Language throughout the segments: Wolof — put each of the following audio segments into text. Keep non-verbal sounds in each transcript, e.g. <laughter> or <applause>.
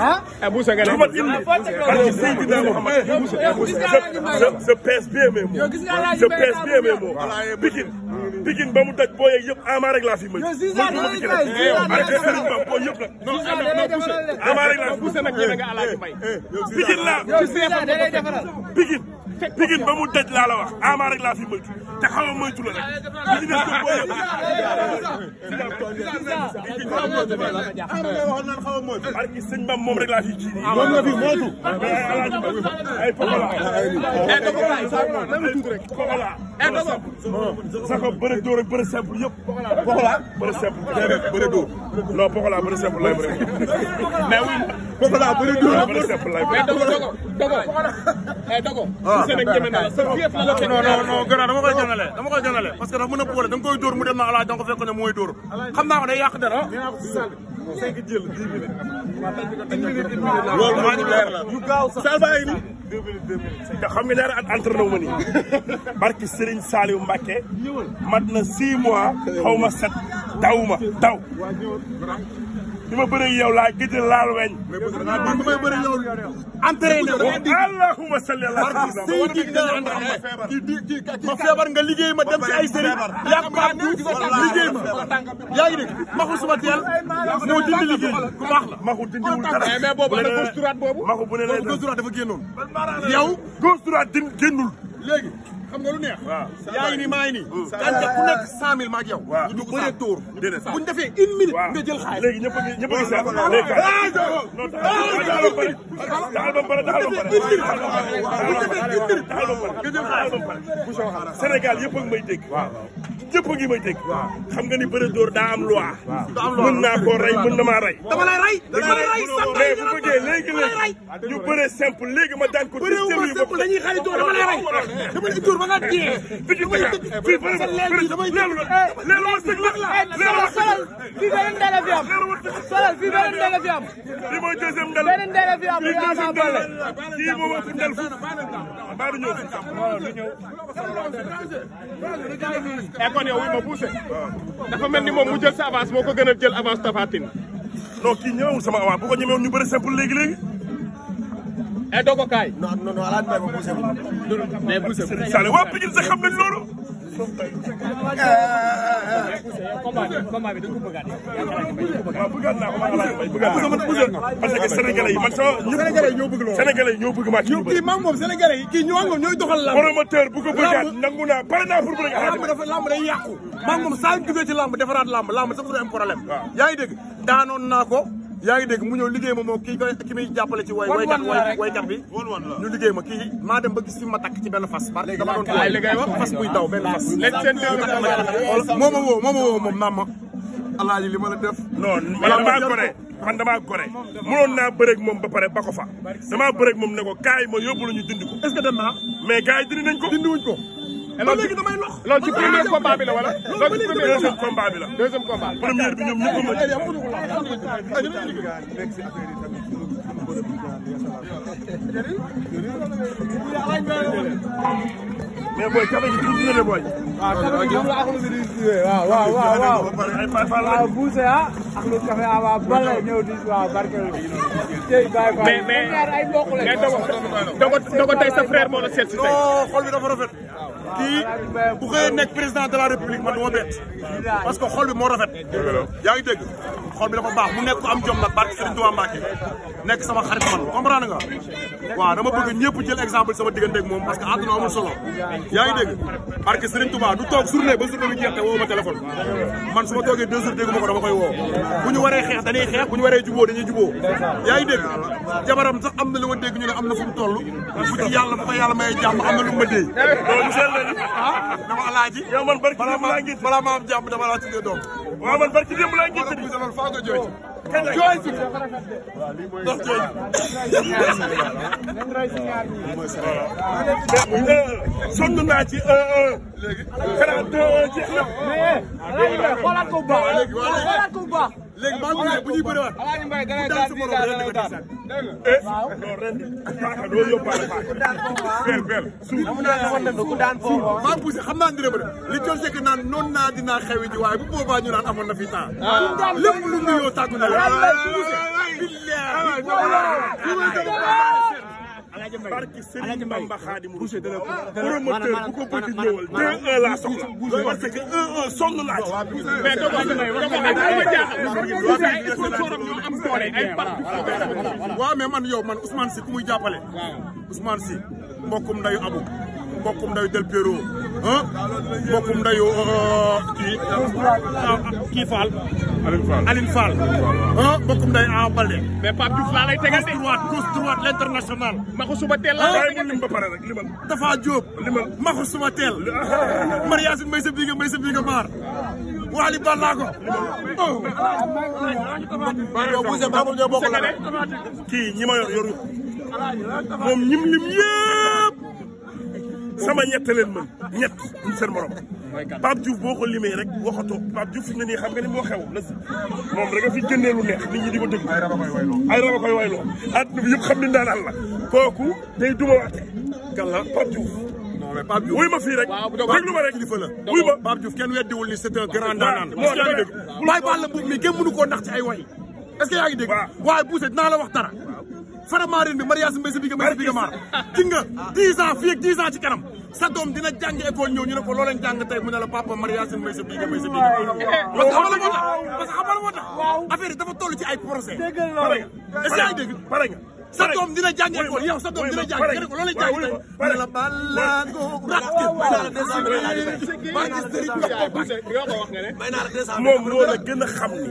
ah. Boussa nga je pèse bien mes mots. je pèse bien mes mots. Pikine Pikine ba mu daj boo yeeg yëpp ama rek laa fi mën. yow Ziza dama lay fay Ziza dama lay fay boo yëpp nag. Ziza da lay defaral de. ama rek laa fi mën Boussa nag yéen a nga Alaaji Mbaye. Pikine laa. yow Ziza da lay defaral Pikine. Pikine ba mu daj laa la wax Ama rek laa fi moytu te xaw ma moytu la rek li ci des ko booy yëpp. barki sëñ Bam moom rek laa fi ji. moom la fi moytu. ay Pokola. ay Pokola. Sakho bëre door ak bëre simple yëpp. Pokola bëre simple. bëre door. non Pokola bëri simple lay bëri. mais oui Pokola bëri duur bëri simple lay bëri. mais dogo dogo dogo. a eh, dogo. waaw ah. ah. non non non gannaaw dama koy jàngale dama koy jàngale parce a boole da nga koy dóor mu dem na ala da nga ko fekk ne mooy dóor xam naa ko day yàq dara. cinq jël dix minutes. loolu maa ngi deux minutes deux xam nga dara at entraîné wu ma nii. barki Serigne Saliou Mbacké. mat na six mois. xaw ma set daw ma daw. bi ma bëree yow laa gëj laal weñ. mais bu dee bi may bëree yow. entraîné wu allahumma salli ala. barki Seydina ma feebar nga liggéey ma dem ci ay sëriñ. yàq ma tuuti yaa ngi dégg maxu suba teel moo dindi liggéey ku baax la maxu dindiwul dara mais boobu ana gauche droite ne lay gauche droite dafa génnoon yow gauche droite din génnul léegi maa ngi nii gàncax hmm. ku nekk cent mille maag yow bu ñu defee une minute nga jël xaalis léegi ñëpp ñëpp gis naa léegi daal ba pare daal ba pare daal ba pare bu ñu defee may dégg ñëpp ngi may dégg. xam nga ni bëre dóor daa am loi. mën naa koo rey mën na maa rey. dama lay rey dama lay rey sàmm mais bu bëggee léegi léegi ñu bëre simple léegi ma daan ko. bëre wu ma simple dañuy xaar dóor dama lay rey dama lay dóor ba nga dee. fii ci Dakar fii bëri na léegi damay léegi léegi ma sëg la léegi ma sëg la. fii beneen ndel a fi am solal fii beneen ndel a fi am. fii mooy deuxième ndel beneen ndel a fi am yaa ma bële. kii moom ak ndel fu mbaa du ñëw. woon yow wuy ma poussé. dafa mel ni moom mu jël sa avance moo ko gën a jël avance Tapha Tine. non kii ñëwewul sama avance bu ko ñëwee ñu bëri simple léegi léegi. eh doo ko kaay. non non non alaaka may ma poussé ko. mais poussé waa Pikine sax xam nañ loolu. combat bi dañ ko bëggaat waaw ma naa ko man alaaj bay bëggaat naa ko parce que sénégalais yi man sama sénégalais yi ñoo kii maa ngi moom kii ñoo ngi moom doxal lamb promoteur bu ko bëggaat nangu naa pare naa pour bëgg lamb dafa lamb day yàqu maa ngi moom saa duggee ci lamb defaraat lamb lamb sax du am problème yaa ngi daanoon naa ko yaa ngi dégg mu ñëw liggéey ma ki ki muy ci way waykat waykat ñu liggéey ma kii maa dem ba gis fi ma takk ci benn fas parce dama doon fas buy daw benn fas moo ma woo moo ma woo moom naam ma alaaji li ma la def non man damaa gore man damaa gore mënoon naa bëreeg moom ba pare ba ko fa damaa bëreeg moom ne ko kaay ma yóbbu la ñu dindi ko est que dem naa mais gars yi dindi nañ ko dindiwuñ ko ba léegi damay lox loolu ci premier combat bi la wala loolu ci premier deuxième combat bi la deuxième combat première bi ñoom ñëpp mais booy café gi tuuti na de booy waaw café gi moom la axlu bi di suwee waaw waaw waaw waaw waaw buuse ah axlu café a waa bale ñëw di waaw barkeel tey bàyyi mais mais dogo dogo tey sa frère moo la seet si tey xol bi dafa rafet kii bu xëyee nekk président de la république man du ma bett parce que xol bi moo rafet yaa ngi dégg xol bi dafa baax mu nekk ko am jom nag barke Serigne Touba Mbacké nekk sama xarit man comprendre nga waaw dama bëgg ñëpp jël exemple sama diggante ak moom parce que àdduna amul solo yaa ngi dégg barke Serigne Touba du toog journée ba journée bi jeex te xeex dañuy xeex bu ñu waree juboo dañuy juboo yaa ngi dégg jabaram am na lu ma dégg ñu ne am na fu mu toll bu ci yàlla bu ko yàlla may jàmm am na lu ma déy ah dama alaaji balaa ma balaa ma am jàmm dama laa tuddee doom waaw man barki démb laa ngi gis jooy si ndox jooy sonn naa ci xanaa ci xoolaat ko bu baax xoolaat ko bu baax léegi Babou Ndiaye bu ñuy bëriwaat. Aladji Mbaye da lay daal di daal da lay daal dégg nga. waaw eh, non ren de. paaka doo yóbbaale paaka. Ah. bel bel suuf amu naa xamoon nañu ku daan foofu waaw. Ah. maa poussé xam naa dina bëri li Thione Seck naan noonu naa dinaa xewi ji waaye bu boobaa ñu naan amoon na fi temps. Ah. lépp lu mu nuyoo tàggu na la. billahi barki Serigne Bamba Xaadimu Rasuul promoteur bu ko bëgg ñëwal deux un laa soxla parce que un un doo ko may wax ma jaaxal sponsoram ñoo am doole ay parti waaw mais man yow man Ousmane Sy ku muy mbokkum ndayu Abou mbokkum nday Del Piero ah mbokkum ndayu euh, kii kii Fall. Aline Fall Aline Fall. ah mbokkum nday Ama Baldé. mais Pape Diouf laa lay tegal de. gauche droite gauche droite l'international. Maxu suba teel laa lay tegal de ba pare rek limal. Dafa Diop limal Maxu suba teel. <laughs> Mariasin may sa biir nga may sa biir nga baar. waali ballaago oh kii ñi ma yor yoru moom ñim lim yépp sama ñett leen mën ñett duñ seen morom. Pape Diouf boo ko limee rek waxatoo Pape Diouf fi ne nii xam nga ni moo xew la moom rek a fi génnee lu neex nit ñi di ko ay raba bi yëpp xam nañ daan àll. kooku day duma waate. wuy ma fii rek. waaw déglu ma rek kilifa la. wuy ma Pape Diouf kenn weddiwul ni c'est un grand daanaan. waaw waaw dégg nga bu laay baal la buub mi kenn mënu la wax dara faramaareen bi mariage mbay sa bi ga mbay sa bi ga maar ci nga 10 ans fii ak 10 ans ci kanam sa doom dina jàng école ñëw ñu ne ko loo leen jàng tey mu ne la papa mariage mbay sa bi ga mbay sa bi ga parce que xamal moo tax parce que xamal moo tax affaire yi dafa toll ci ay procès pare nga est-ce que yaa ngi dégg pare nga sa doom dina jàng école yow sa doom dina jàng nga ne ko loo leen jàng tey mu ne la balaago rakk may naa la deux cent mille barke sëriñ may naa la deux cent mille moom moo la gën a xam ni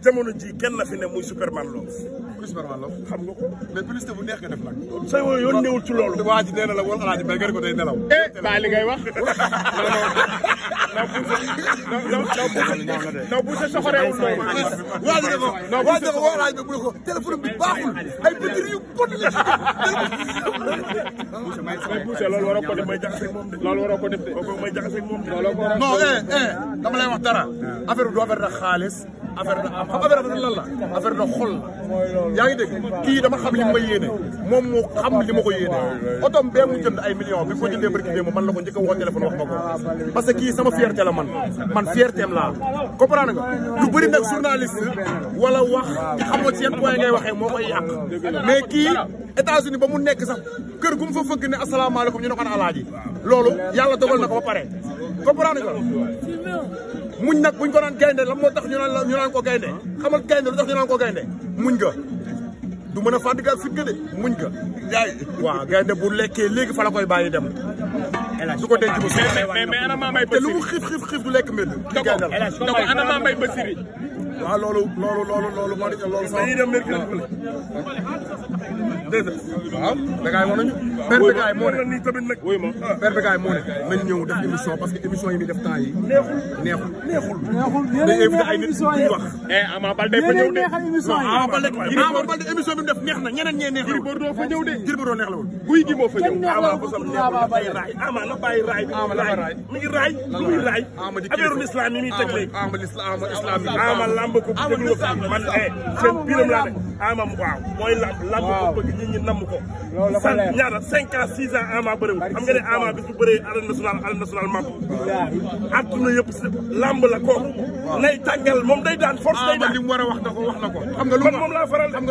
jamono ji kenn la fi ne muy Superman Love. muy Superman Love xam nga ko. mais publicité bu neex nga def nag. sa yoo yoon newul ci loolu. waa ji nee na la wala alaaji mbay nga ko day nelaw. eh baa li ngay wax. ndaw bu ndaw bu soxorewul loolu. waa ji ne ko waa ji ne ko waa bi mu ne ko téléphone bi baaxul ay batterie yu bon la ci def. loolu waroo ko def may jaxase moom de. loolu waroo ko def de. may jaxase moom de. non eh eh dama lay wax dara affaire bi du affaire nag xaalis. affaire na xam affaire na lan la xol la yaa ngi dégg kii dama xam li ma yéene moom moo xam li ma ko yéene otom bee mu jënd ay millions bi ko jëndee barki démb man la ko njëkk a woo téléphone wax ma ko parce que kii sama fierté la man man fierté am laa comprendre nga lu bëri nag journaliste wala wax di xamoo yan point ngay waxee moo koy yàq mais kii États-Unis ba mu nekk sax kër gu mu fa fëgg ne asalaamaaleykum ñu ne ko alaaji loolu yàlla dogal na ko ba pare comprendre muñ nag buñ ko naan gaynde la moo tax ñu naan ñu naan ko gaynde xamal gaynde lu tax ñu naan ko gaynde muñ nga du mën a fàttali fit ga de muñ nga. yaay waaw gaynde bu lekkee léegi fa la koy bàyyi dem. du ko denc ba suuf mais mais ana maa may bësiri te lu mu xiif xiif xiif du lekk mbir. da ko da ko ana maa loolu loolu loolu loolu moo di loolu sax. dégg nga waaw. Bécaye wax nañu. waaw wóoy ma wóor na nii tamit nag wóoy ma. Ah. Père Bécaye moo ne nañ ñëw def émission parce que émission yi muy def temps yi. neexul neexul. neexul yéen a ngi neexal émission yi wax. Ama Baldé fa ñëw de. Ama Baldé émission bi mu def neex na ñeneen ñee neex. Gris Bordeaux fa ñëw de. Gris Bordeaux neex la woon. guy gi moo fa ñëw. ama bu sam neexul na bàyyi raay. ama na bàyyi raay bi. ama la raay mi ngi raay. lan la raay ama di kii affaire islam yi muy teg léegi. ama islam ama islam ama lamb ko. ama islam man eh seen biiram laa ne. ama waaw mooy lamb lamb ko bëgg nit ñi namm ko san ñaata cinq ans six ans ama bëriwul xam nga ama bis bu bëree arène nationale arène nationale mamp adduna yëpp lamb la ko nay tàngal moom day daan force day daan li mu a wax na ko wax na ko xam nga lu man moom laa faral xam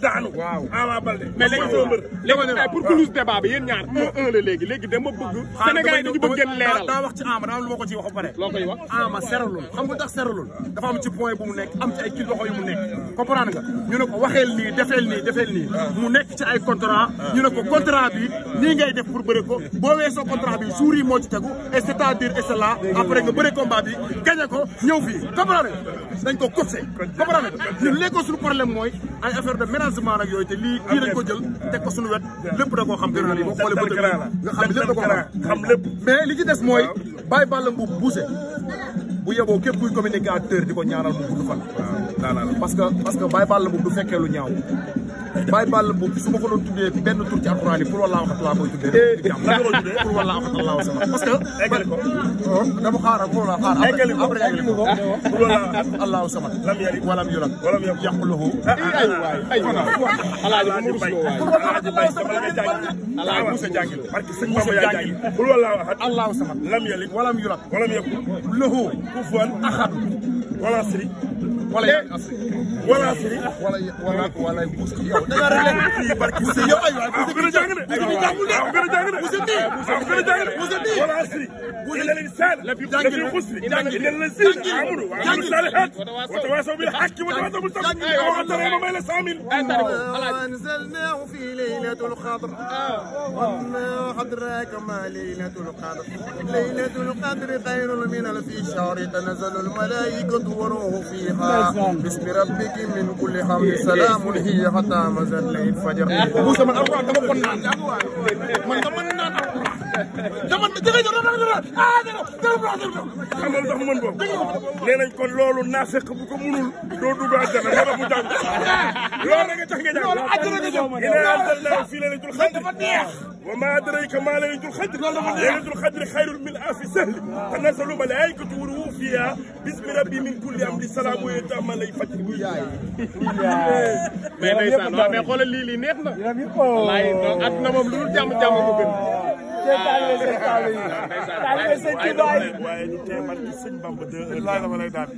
daanu ama balde mais léegi ay pour close débat bi yéen ñaar un un bëgg ah, sénégalais dañu daa wax ci ama daa lu ma ci wax ba pare ama seralul xam nga tax seralul dafa am ci point taxawaay bu mu nekk am ci ay kilifa yu mu nekk comprendre nga ñu ne ko waxeel nii defeel nii defeel nii ah. mu nekk ci ay contrat ah. ñu ne ko contrat bi nii ngay def pour bëre ko boo weesoo contrat bi jour yi moo ci tegu et c' est à dire et cela après nga bëre combat bi gagné ko ñëw fii comprendre nga ko coxé comprendre nga ñun suñu problème mooy ay affaire de ménagement nag yooyu te lii kii dañ ko jël teg ko suñu wet lépp da xam gëna yi boo xoolee bë nga xam lépp mais li bu yeboo képp kuy communicateur di ko ñaanal mu gudd fan. waaw parce que parce que Baye Fall la moom du fekkee Baye Ball bu su ma ko doon tuddee benn tur ci alxuraan yi pour wallaahu xat laa koy tuddee. Eh, pour wallaahu xat laa sama parce que. eggali ko oh, dama xaaral pour la xaar. eggali ko après eggali ko pour wallaahu allahu sama. lam yali walam yulam. walam yam yàquluhu. aywaay ah, ah, ah, aywaay alaaji bu mu rusloo waay. alaaji bay dama la jàngi. alaaji Moussa jàngi la. parce que sëñ Baba yaa jàngi. pour wallaahu xat allahu sama. lam yali walam yulam. walam yam lahu kufuwan axad wala siri wala wala siri wala wala wala buusi yow da nga rek ci barki si yow ay waay buusi gën a jàng de buusi bi jàngul de gën a jàng de buusi bi gën a jàng de buusi bi wala siri buusi leen sal la fi la fi buusi jàngil leen la siri amuru jàngil la hat wa tawasaw bil haqqi wa tawasaw bil sabr wa tara ma mala samin anzalnahu fi laylatul qadr wa hadraka ma laylatul qadr laylatul qadr khairun min alfi shahr tanazzalu al malaikatu wa ruhu fiha bis bismi rabbiki min kulli hamdi salaamun hiya hatta mazal fajar. dama dama dama ah dama dama xam nga lu tax mu mën boobu. nee nañ kon loolu naafeq bu ko munul doo dugg àjjana nga ba mu jàng. loolu nga tax nga jàng loolu àjjana nga jëm. inna anzalnaahu fii laylatil qadr dafa neex. wa maa adraaka maa laylatul qadr. loolu dafa neex laylatul qadri xayrun min alfi shahr. tanazzalu l-malaa'ikatu war-ruuhu fiihaa bismi rabbihim min kulli amrin salaamun hiya hattaa matla'il fajr. mais ndeysaan waaw mais xoolal lii lii neex na. wallaay donc àdduna moom lu dul jàmm jàmm ko gën waaye ñu teemal ci sëñ Bamba de laa dama lay daan